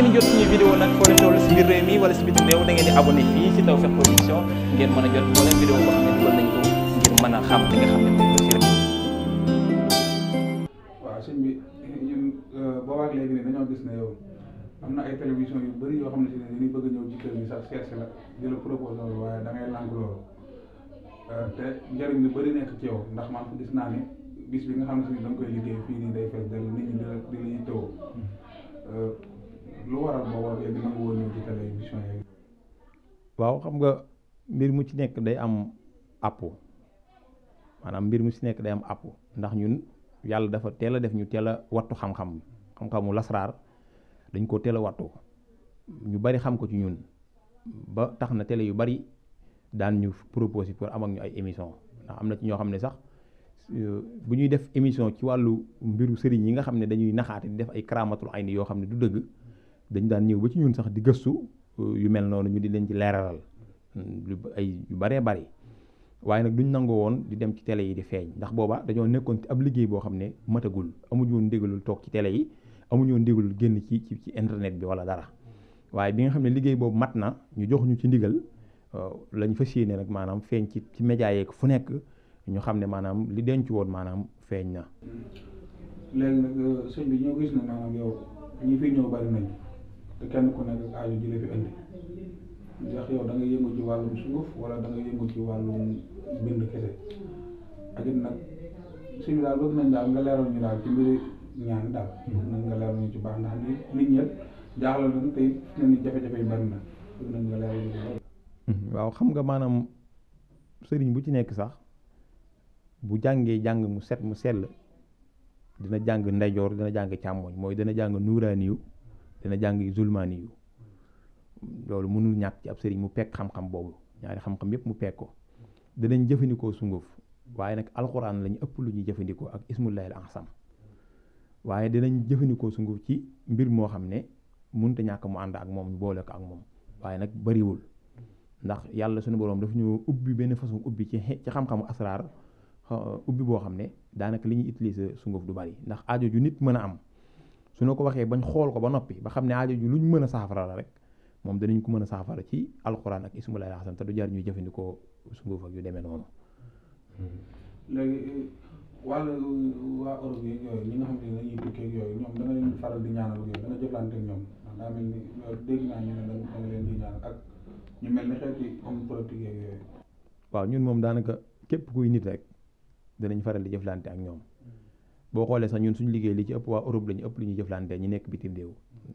ngeen jot suñu vidéo nag foo leen toll si biir réew mi wala si biti réew da ngeen di abonné fii si Tawfekh Production ngeen mën a jot moo leen vidéo boo xam ne dugal nañ ko ngir mën a xam li nga xam ne moom la rek. waaw sëñ bi ñun euh, boobaag léegi ne dañoo gis ne yow am na ay télévision yu bëri yoo xam ne si ne dañuy bëgg ñëw ci kër gi sax seet si la di la proposé loolu waaye da ngay lànk loolu euh, te njëriñ lu bëri nekk ci yow ndax man gis naa ne bis bi nga xam ne si ne da nga koy liggéey fii nii day fekk nit ñi di waaw xam nga mbir mu ci nekk day am àpp maanaam mbir mu ci nekk day am àpp ndax ñun yàlla dafa teel def ñu teel a wattu xam-xam xam-xamu lasraar dañ ko teel a wattu ñu bari xam ko ci ñun ba tax na télé yu bari daan ñu proposé pour am ñu ay émission ndax am na ci ñoo xam ne sax euh, bu ñuy def émission ci wàllu mbiru sëriñ yi nga xam ne dañuy naxaate di def ay karamatul ay ni yoo xam ne du dëgg dañu daan ñëw ba ci ñun sax di gëstu yu mel noonu ñu di leen ci leeralal ay yu baree bari waaye nag duñ nangoo woon di dem ci télé yi di feeñ ndax booba dañoo nekkoon ci ab liggéey boo xam ne matagul amuñu woon ndigalul toog ci télé yi amuñu woon ndigalul génn ci ci internet bi wala dara waaye bi nga xam ne liggéey boobu mat na ñu jox ñu ci ndigal euh, lañ fa yéene nag maanaam feeñ ci ci média yeeg fu nekk ñu xam ne maanaam li denc woon maanaam feeñ na. te kenn ku nekk aajo ji fi indi ndax yow da nga yëngu ci wàllum sunguf wala da nga ci wàllum bind kese ak it si daal nga leeral daal ci mbiri ñaan daal bëgg nga leeral ci baax ndax nit nit ñëpp jaaxla nañ te ne ni jafe-jafe yi bari na bëgg nga leeral ñu waaw xam nga maanaam sëriñ bu ci nekk sax bu jàngee jàng mu set mu sell dina jàng ndeyjoor dina jàng càmmooñ mooy dina jàng nuuraaniyu dina jàng yu zulmaani yu loolu mënul ñàkk ci ab sëriñ mu pekk xam-xam boobu ñaari xam-xam yépp mu pekk ko dinañ jëfandikoo sunguf waaye nag alxuraan lañu ëpp lu ñuy jëfandikoo ak ismullahil ansam waaye dinañ jëfandikoo sunguf ci mbir moo xam ne mënut a ñàkk mu ànd ak moom ñu boole ko ak moom waaye nag bariwul ndax yàlla sunu boroom daf ñu ubbi benn façon ubbi ci ci xam-xamu asraar ubbi boo xam ne daanaka li ñu utiliser sunguf du bari ndax aajo ju nit mën a am su suñu ko waxee bañ xool ko ba noppi ba xam ne aajo ju ñu mën a saafara la rek moom danañ ko mën a saafara ci alxuraan ak ismu laahi al du jar ñuy jëfandikoo sunguf ak yu demee noonu. léegi eh, faral di ñaanal yooyu ak ñoom mel ni dégg naa ñu ne yooyu. waaw ñun moom daanaka képp kuy nit rek danañ faral di jëflante ak ñoom boo xoolee sax ñun suñu liggéey li ci ëpp waa Europe la ñu ëpp lu ñu jëflante ñi nekk bitim réew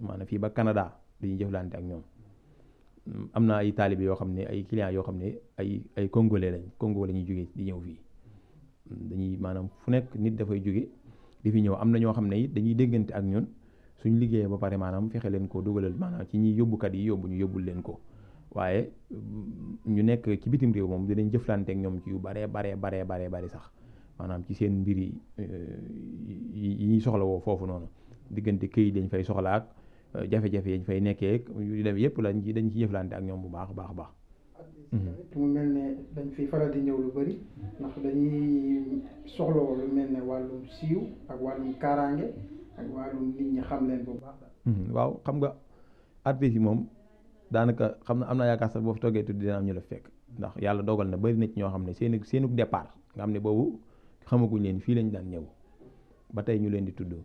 maanaam fii ba Canada dañuy ñuy jëflante ak ñoom am na ay taalibe yoo xam ne ay clients yoo xam ne ay ay congolais lañ Congo la ñuy jóge di ñëw fii dañuy maanaam fu nekk nit dafay jóge di fi ñëw am na ñoo xam ne dañuy déggante ak ñun suñu liggéeyee ba pare maanaam fexe leen ko dugalal maanaam ci ñi yóbbukat yi yóbbu ñu yóbbul leen ko waaye mm, ñu nekk ci bitim réew moom dinañ jëflante ak ñoom ci yu baree baree baree baree bari sax maanaam ci seen mbir yi euh, yi ñuy woo foofu noonu diggante këyit dañ fay soxla ak euh, jafe-jafe yañ fay nekkee yu dem yëpp lañ ci dañ ci jëflante ak ñoom bu baax baax baax. Mhm. mu mel ne dañ fi faral di ñëw lu bari ndax dañuy mel ne wàllum siiw ak wàllum kaaraange ak wàllum nit ñi xam leen bu baax. Mhm. waaw xam nga artistes yi moom daanaka xam na am naa yaakaar sax boo fi toggee tudd dina am ñu la fekk ndax yàlla dogal na bari na ci ñoo xam ne seen seenu départ nga xam ne boobu. xamaguñ leen fii lañ daan ñëw ba tey ñu leen di tudd di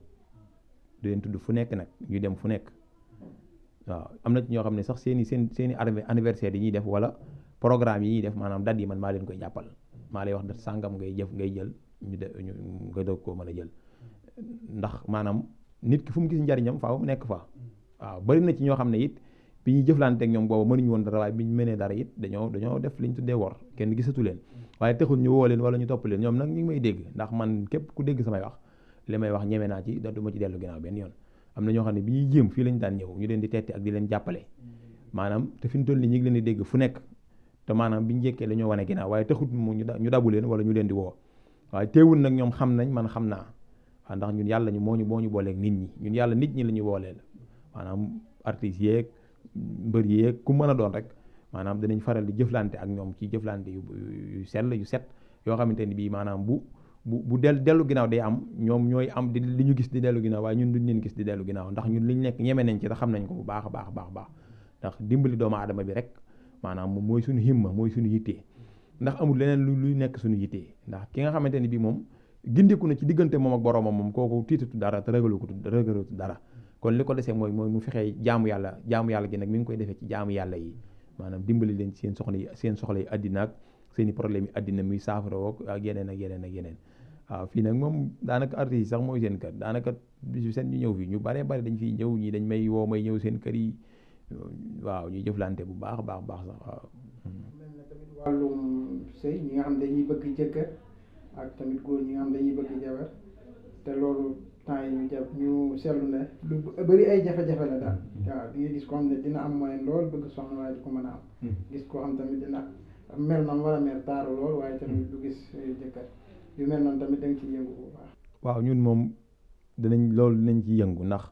leen tudd fu nekk nag ñu dem fu nekk waaw am na ci ñoo xam ne sax seeni seen seeni anniversaire yi ñuy def wala programme yi ñuy def maanaam dat yi man maa leen koy jàppal maa lay wax dat sàngam ngay jëf ngay jël ñu de ñu nga doog koo mën a jël ndax maanaam nit ki fu mu gis njariñam faaw mu nekk fa waaw bari na ci ñoo xam ne it bi ñuy jëflante ak ñoom booba mënuñu woon dara waaye bi ñu mënee dara it dañoo dañoo def liñ tuddee wor kenn gisatu leen waaye taxul ñu woo leen wala ñu topp leen ñoom nag ñu ngi may dégg ndax man képp ku dégg samay wax li may wax ñeme naa ci da du ci dellu ginnaaw benn yoon am na ñoo xam ne bi ñuy jéem fii lañ daan ñëw ñu leen di tetti ak di leen jàppale maanaam ñu toll nii ñu ngi leen di dégg fu nekk te maanaam bi ñu jékkee la ñoo wane ginnaaw waaye taxut mu ñu dabu leen wala ñu leen di woo waaye teewul nag ñoom xam nañ man xam naa ndax ñun yàlla ñu moo ñu boo ñu booleeg nit ñi ñun yàlla nit ñi la ñu booleel maanaam artistes yeeg mbër yeeg ku mën a doon rek maanaam danañ faral di jëflante ak ñoom ci jëflante yu yu set yoo xamante ni bii maanaam bu bu bu del dellu ginnaaw day am ñoom ñooy am di li ñu gis di dellu ginnaaw waaye ñun duñ leen gis di dellu ginnaaw ndax ñun liñ nekk ñeme nañ ci te xam nañ ko bu baax a baax a baax ndax dimbali doomu aadama bi rek maanaam moom mooy suñu himma mooy suñu yittee ndax amul leneen lu luy nekk suñu yittee ndax ki nga xamante ni bii moom gindiku na ci diggante moom ak boroomam moom kooku tiitatu dara te ragalu ko ragalu dara kon li ko desee mooy mooy mu fexee jaamu yàlla jaamu yàlla gi nag mi ngi koy defee ci jaamu yàlla yi maanaam dimbali leen ci seen soxla yi seen soxla yi àddina ak seen i problème yi àddina muy saafara woog ak yeneen ak yeneen ak yeneen waaw fii nag moom daanaka artistes yi sax mooy seen kër daanaka bisu seen ñu ñëw fii ñu baree bari dañ fiy ñëw ñii dañ may seen kër yi waaw ñu jëflante bu baax baax baax sax waaw. mel na tamit wàllum sëy ñi nga xam dañuy bëgg jëkkër ak tamit góor ñi nga xam dañuy bëgg jabar te loolu temps yi ñu jàpp ñu seetlu ne lu bëri ay jafe-jafe la daal mm-hmm. waaw di nga gis ko xam ne dina am moyen lool bëgg soxna waaye du ko mën a am mm-hmm. gis koo xam tamit dina mel noonu war a mel taaru lool waaye tamit mm-hmm. du gis eh, jëkkër yu mel noonu tamit da ci yëngu bu baax waaw ñun moom dinañ loolu dinañ ci yëngu ndax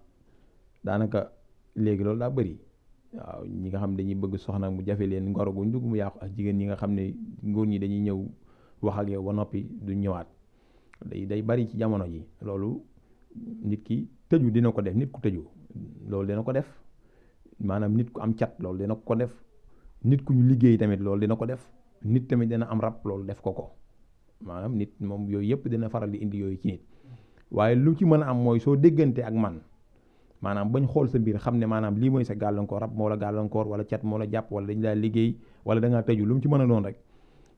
daanaka léegi loolu daa bëri waaw ñi nga xam dañuy bëgg soxna mu jafe leen ngoro guñ dugg mu yàqu ak jigéen ñi nga xam ne ngóor ñi dañuy ñëw wax yow ba noppi du ñëwaat day bari ci jamono ji loolu nit ki tëju dina ko def nit ku tëju loolu dina ko def maanaam nit ku am cat loolu dina ko def nit ku ñu liggéey tamit loolu dina ko def nit tamit dina am rab loolu def ko ko maanaam nit moom yooyu yëpp dina faral di indi yooyu ci nit waaye lu ci mën a am mooy soo déggante ak man maanaam bañ xool sa mbir xam ne maanaam lii mooy sa gàllankoor rab moo la gàllankoor wala cat moo la jàpp wala dañ laa liggéey wala da ngaa tëju lu mu ci mën a doon rek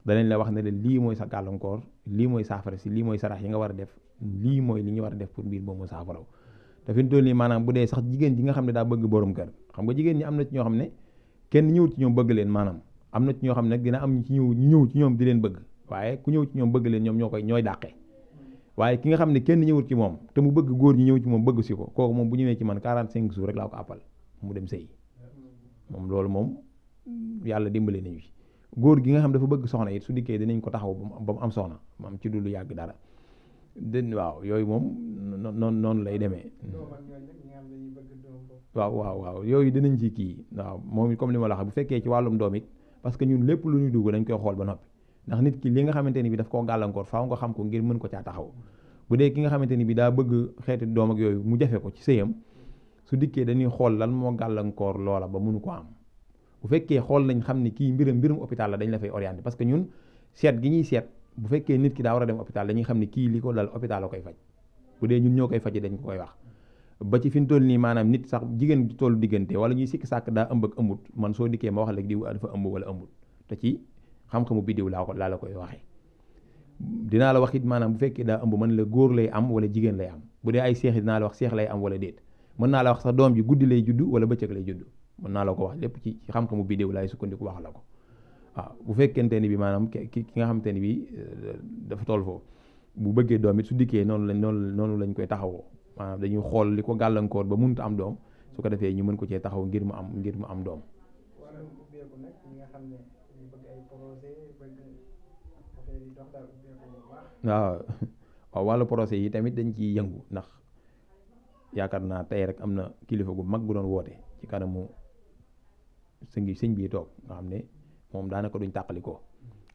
danañ la wax na leen lii mooy sa gàllankoor lii mooy saafara si lii mooy sarax yi nga war a def lii mooy li ñu war a def pour mbir moomu saafaraw te fi mu toll nii maanaam bu dee sax jigéen ji nga xam ne daa bëgg borom kër xam nga jigéen ñi am na ci ñoo xam ne kenn ñëwut ci ñoom bëgg leen maanaam am na ci ñoo xam ne dina am ci ñëw ñu ñëw ci ñoom di leen bëgg waaye ku ñëw ci ñoom bëgg leen ñoom ñoo koy ñooy dàqe waaye ki nga xam ne kenn ñëwut ci moom te mu bëgg góor ñi ñëw ci moom bëgg si ko kooku moom bu ñëwee ci man 45 jours rek ko àppal mu dem sëy moom loolu moom dimbale nañu ci góor gi nga xam dafa bëgg soxna it su dikkee dinañ ko taxaw ba mu am soxna mu am ci du lu yàgg dara den waaw yooyu moom noon noonu lay demee waaw waaw waaw yooyu dinañ ci kii waaw moom it comme li ma la wax bu fekkee ci wàllum doom it parce que ñun lépp lu ñuy dugg dañ koy xool ba noppi ndax nit ki li nga xamante ni bi daf koo gàllankoor faaw nga xam ko ngir mën ko caa taxaw bu dee ki nga xamante ni bi daa bëgg xeeti doom ak yooyu mu jafe ko ci sëyam su dikkee dañuy xool lan moo gàllankoor loola ba mënu ko am bu fekkee xool nañ xam ne kii mbiram mbirum hôpital la dañ la fay orienté parce que ñun seet gi ñuy seet bu fekkee nit ki daa war a dem hôpital dañuy xam ne kii li ko la koy faj bu dee koy faje dañ ko wax ba ci fi mu toll nii maanaam nit sax jigéen di tollu wala ñuy sikki sàkk daa ëmb ak ëmbut man soo dikkee ma wax la diw dafa ëmb wala ëmbut te ci xam-xamu laa ko laa la koy waxee dinaa la wax it maanaam bu fekkee daa ëmb mën la góor lay am wala jigéen lay am bu dee ay seex dinaa la wax seex lay am wala déet mën naa la wax sax doom ji guddi lay juddu wala bëccëg lay juddu mën naa la ko wax lépp ci xam-xamu bidéew laay sukkandiku wax la ko waaw ah, bu fekkente ni bi maanaam ki nga xamante ni bi euh, dafa tool foofu bu bëggee doom it su dikkee noonu lañ noonu noonu lañ koy taxawoo maanaam dañuy xool li ko gàllankoor ba mënut am doom su ko defee ñu mën ko cee taxaw ngir mu am ngir mu am doom. waaw ah, waaw wàllu procès yi tamit dañ ciy yëngu ndax yaakaar naa tey rek am na kilifa gu mag gu doon woote ci kanamu sëñ bi sëñ bi toog nga xam ne moom daanaka duñ tàqalikoo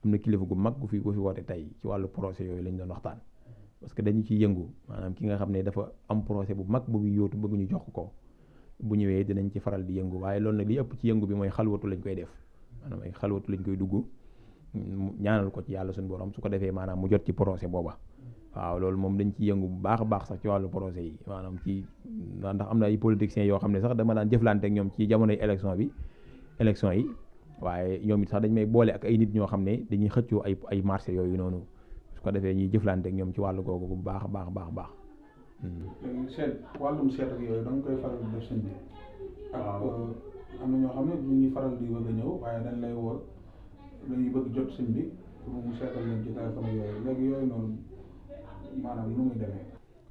am na kilifa gu mag gu fi gu fi woote tey ci wàllu procès yooyu lañ doon waxtaan parce que dañu ciy yëngu maanaam ki nga xam ne dafa am procès bu mag bu muy bëgg ñu jox ko bu ñëwee dinañ ci faral di yëngu waaye loolu nag li ëpp ci yëngu bi mooy xalwatu lañ koy def maanaam ay xalwatu lañ koy dugg ñaanal ko ci yàlla suñu borom su ko defee maanaam mu jot ci procès booba waaw loolu moom dañ ci yëngu bu baax a baax sax ci wàllu procès yi maanaam ci ndax am na ay politiciens yoo xam ne sax dama daan jëflante ñoom ci jamonoy élection bi élection yi waaye ñoom it sax dañ may boole ak ay nit ñoo xam ne dañuy xëccoo ay ay marché yooyu noonu su ko defee ñuy jëflante ñoom ci wàllu googu bu baax a baax baax baax. Hmm. seet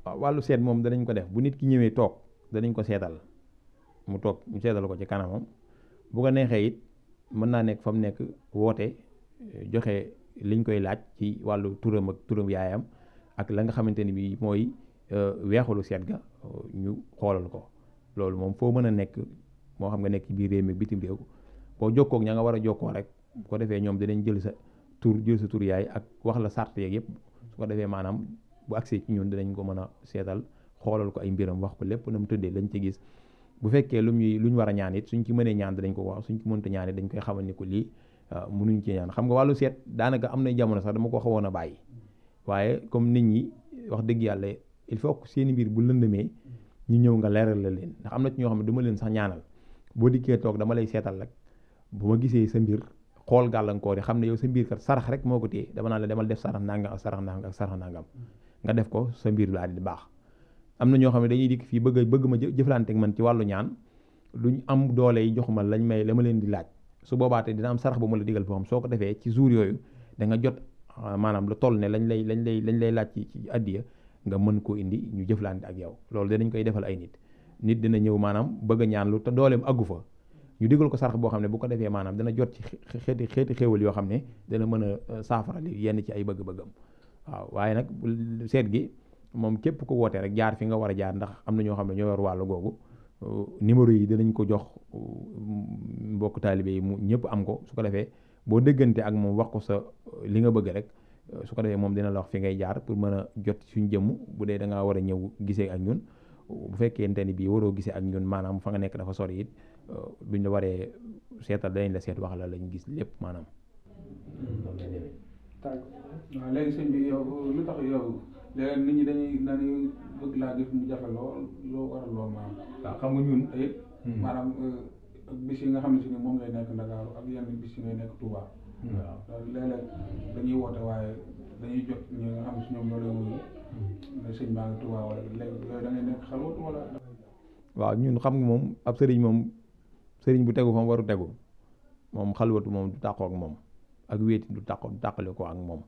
euh, wàllu seet moom danañ ko def bu nit ki ñëwee toog danañ ko seetal mu toog mu seetal ko ci kanamam. bu ko neexee it mën naa nekk fa mu nekk woote eh, joxe liñ koy laaj ci wàllu turam ak turam yaayam ak la nga xamante ni bi mooy eh, weexalu seet ga eh, ñu xoolal ko loolu moom foo mën a nekk moo xam nga nekk ci biir réew mi bitim réew boo jokkoog ña nga war a jokkoo rek bu ko defee ñoom danañ jël sa tur jël sa tur yaay ak wax la sart yeeg yëpp su ko defee maanaam bu agsee ci ñun dinañ ko mën a seetal xoolal ko ay mbiram wax ko lépp na mu tëddee lañ ci gis bu fekkee lu ñuy lu ñu war a ñaan it suñ ci mënee ñaan dañ ko wax suñ ci mënta ñaan dañ koy xamal ni ko lii ah, mënuñ ci ñaan xam nga wàllu seet daanaka am na jamono sax dama ko xawoon a bàyyi waaye comme nit ñi wax dëgg yàlla il faut que seen mbir bu lëndëmee ñu ñëw nga leeral la leen ndax am na ci ñoo xam ne du leen sax ñaanal boo dikkee toog dama lay seetal rek bu ma gisee sa mbir xool gàllankoor yi xam ne yow sa mbir kat sarax rek moo ko téye dama naan la demal def sarax nangam ak sarax nangam ak sarax nga def ko sa mbir daal di baax am na ñoo xam ne dañuy dikk fii bëgg bëgg ma jëflante ak man ci wàllu ñaan lu ñu am doole yi jox ma lañ may la ma leen di laaj su boobaatee te dina am sarax bu ma la digal foofu soo ko defee ci jour yooyu da nga ah, maanaam lu toll ne lañ lay lañ lay lañ lay laaj ci ci addiya nga mën koo indi ñu jëflante ak yow loolu danañ koy defal ay nit nit dina ñëw maanaam bëgg a te dooleem aggu fa ñu digal ko sarax boo xam ne bu ko defee maanaam dana jot ci xeeti xeeti xéewal yoo xam ne dana mën a euh, saafara li yenn ci ay bëgg-bëggam waaw waaye nag seet gi moom képp ko wootee rek jaar fi nga war a jaar ndax am na ñoo xam ne ñoo yor wàllu googu euh, numéro yi dinañ ko jox euh, mbokk taalibe yi mu ñëpp am ko su ko defee boo déggante ak moom wax ko sa euh, li nga bëgg rek su ko defee moom dina la wax fi ngay jaar pour mën a jot suñ jëmm bu dee da war a ñëw gisee ak ñun bu fekkente ni bii waroo gisee ak ñun maanaam fa nga nekk dafa sori it buñ la waree seetal danañ la seet wax la lañ gis lépp maanaam. léeg nit ñi dañuy bëgg laa def mu jafe lool loo waral lool maanaam. Ah, xam nga ñun hmm. maanaam euh, bis yi nga xam ne si moom lay nekk Ndakaaru ak yenn bis yi ngay nekk Touba. Hmm. waaw waaye dañuy hmm. ñun xam nga moom ab sëriñ moom sëriñ bu tegu fa mu waru tegu moom xalwatu moom du tàqoo ak moom ak wéeti du tàqoo du tàqale ko ak moom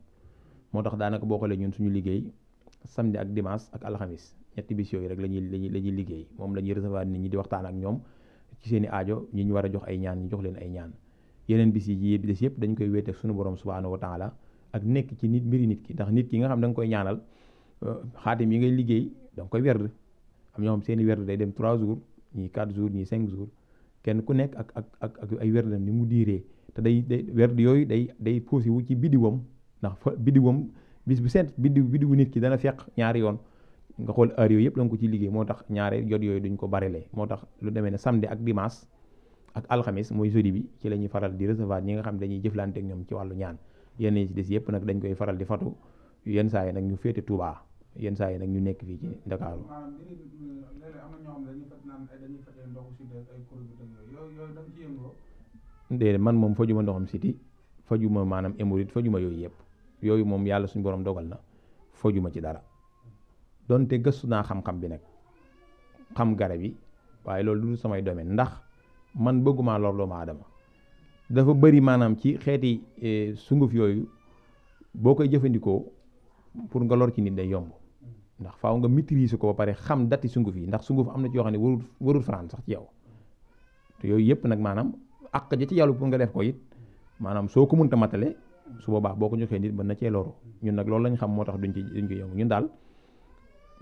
moo tax daanaka boo xoolee ñun suñu liggéey. samedi ak dimanche ak alxamis ñetti bis yooyu rek la ñuy la ñuy liggéey moom la ñuy recevoir nit ñi di waxtaan ak ñoom ci seen i aajo ñi ñu war a jox ay ñaan ñu jox leen ay ñaan yeneen bis yi des yëpp dañ koy wéete suñu borom subhaanahu wa taala ak nekk ci nit mbiri nit ki ndax nit ki nga xam da koy ñaanal euh, xaatim yi ngay liggéey da nga am ñoo xam seen i werd day dem trois jours ñii 4 jours ñii cinq jours kenn ku nekk ak ak ak ak ay werdam ni mu diiree te day day werd yooyu day day posé wu ci bidiwam ndax fa bidiwam bis bu seet biddiw biddiwu nit ki dana feq ñaari yoon nga xool heure yooyu yëpp danga ko ci liggéey moo tax ñaari jot yooyu duñ ko barelee moo tax lu demee ne samedi ak dimanche ak alxamis mooy jeudi bi ci la ñuy faral di recevoir ñi nga xam dañuy jëflante ñoom ci wàllu ñaan yenn yi ci des yëpp nag dañ koy faral di fatu yenn saa yi nag ñu féete Touba yenn saa yi nag ñu nekk fii ci Ndakaaru déedéet man moom fajuma ndoxam siti fajuma maanaam émorite fajuma yooyu yëpp yooyu moom yàlla suñ borom dogal na fojuma ci dara donte gëstu naa xam-xam bi nag xam garab yi waaye loolu du samay domaine ndax man bëgguma lor doomu aadama dafa bëri maanaam ci xeeti e, sunguf yooyu boo koy jëfandikoo pour nga lor ci nit day yomb ndax faw nga maîtriser ko ba pare xam dati sunguf yi ndax sunguf am na ci yoo xam ne warul warul faraan sax ci yow te yooyu yëpp nag maanaam àq ja ci yàlla pour nga def ko it maanaam soo ko mënta matale su boobaa boo ko joxee nit mën na cee loru ñun nag loolu lañ xam moo tax duñ ci duñ ci yëngu ñun daal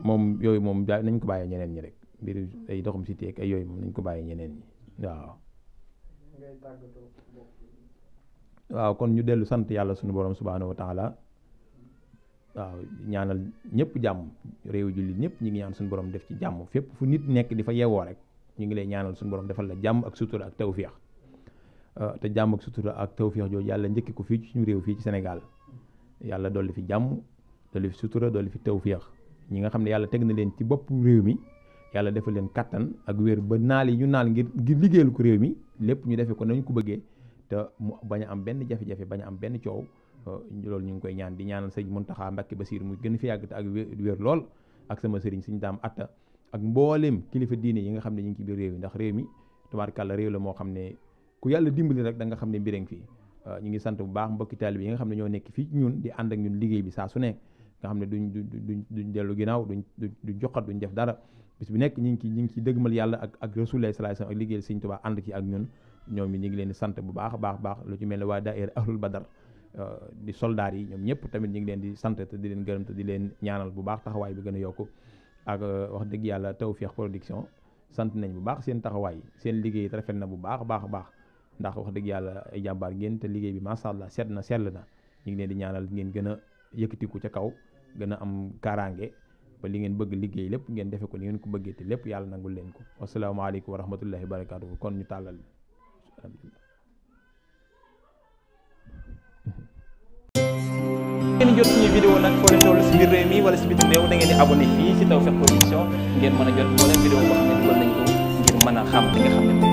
moom yooyu moom daal nañ ko bàyyee ñeneen ñi rek mbir ay ndoxum si teeg yooyu moom nañ ko bàyyi ñeneen ñi waaw. waaw kon ñu dellu sant yàlla suñu borom subhaanahu wa taala waaw ñaanal ñëpp jàmm réew jullit ñëpp ñu ngi ñaan suñu borom def ci jàmm fépp fu nit nekk di fa yeewoo rek ñu ngi lay ñaanal suñu borom defal la jàmm ak sutura ak tawféex. Euh, te jàmm ak sutura ak tawféex jooju yàlla njëkki ko fii ci suñu réew fii ci Sénégal yàlla dool dolli fi jàmm dolli fi sutura dolli fi tew tawféex ñi nga xam ne yàlla teg na leen ci bopp réew mi yàlla defal leen kattan ak wér ba naal yi ñu naal ngir ngir liggéeyal ko réew mi lépp ñu defee ko nañu ko bëggee te mu bañ am benn jafe-jafe bañ am benn coow euh, loolu ñu ngi koy ñaan di ñaanal sëñ Muntaxa ba Basiir mu gën fi yàgg te ak wér lool ak sama sëriñ suñu daam atta ak mboolem kilifa diine yi nga xam ne ñu ngi ci biir réew mi ndax réew mi moo xam ne bu yàlla dimbali rek da nga xam ne mbirang fii euh, ñu ngi sant bu baax mbokki taalibe yi nga xam ne ñoo nekk fii ñun di ànd ak ñun liggéey bi saa su nekk nga xam ne duñ duñ duñ dellu ginnaaw duñ duñ joxat duñ def dara bis bu nekk ñu ngi ci ñu ngi ci dëgmal yàlla ak ak rasulullah sallallahu alayhi wasallam ak liggéeyal Sëriñ Tuubaa ànd ci ak ñun ñoom ñu ngi leen di sant bu baax baax baax lu ci mel ne waa daayira ahlul badar euh, di soldaar yi ñoom ñëpp tamit ñu ngi leen di sant te di leen gërëm te di leen ñaanal bu baax taxawaay bi gën a yokku ak euh, wax dëgg yàlla Tawfekh Production sant nañ bu baax seen taxawaay seen liggéey rafet na bu baax baax baax ndax wax dëgg yàlla ay jàmbaar ngeen te liggéey bi macha allah set na sell na ñu ngi leen di ñaanal ngeen gën a yëkkatiku ca kaw gën am kaaraange ba li ngeen bëgg liggéey lépp ngeen defe ko ni ngeen ko bëggee te lépp yàlla nangul leen ko wasalaamaaleykum wa rahmatullahi wa barakaatu kon ñu tàllal ngeen jot suñu vidéo nag foo leen toll si biir réew mi wala si bitim réew da ngeen di abonné fii si Tawfekh Production ngeen mën moo leen vidéo boo ne dugal nañ ko ngir mën a xam li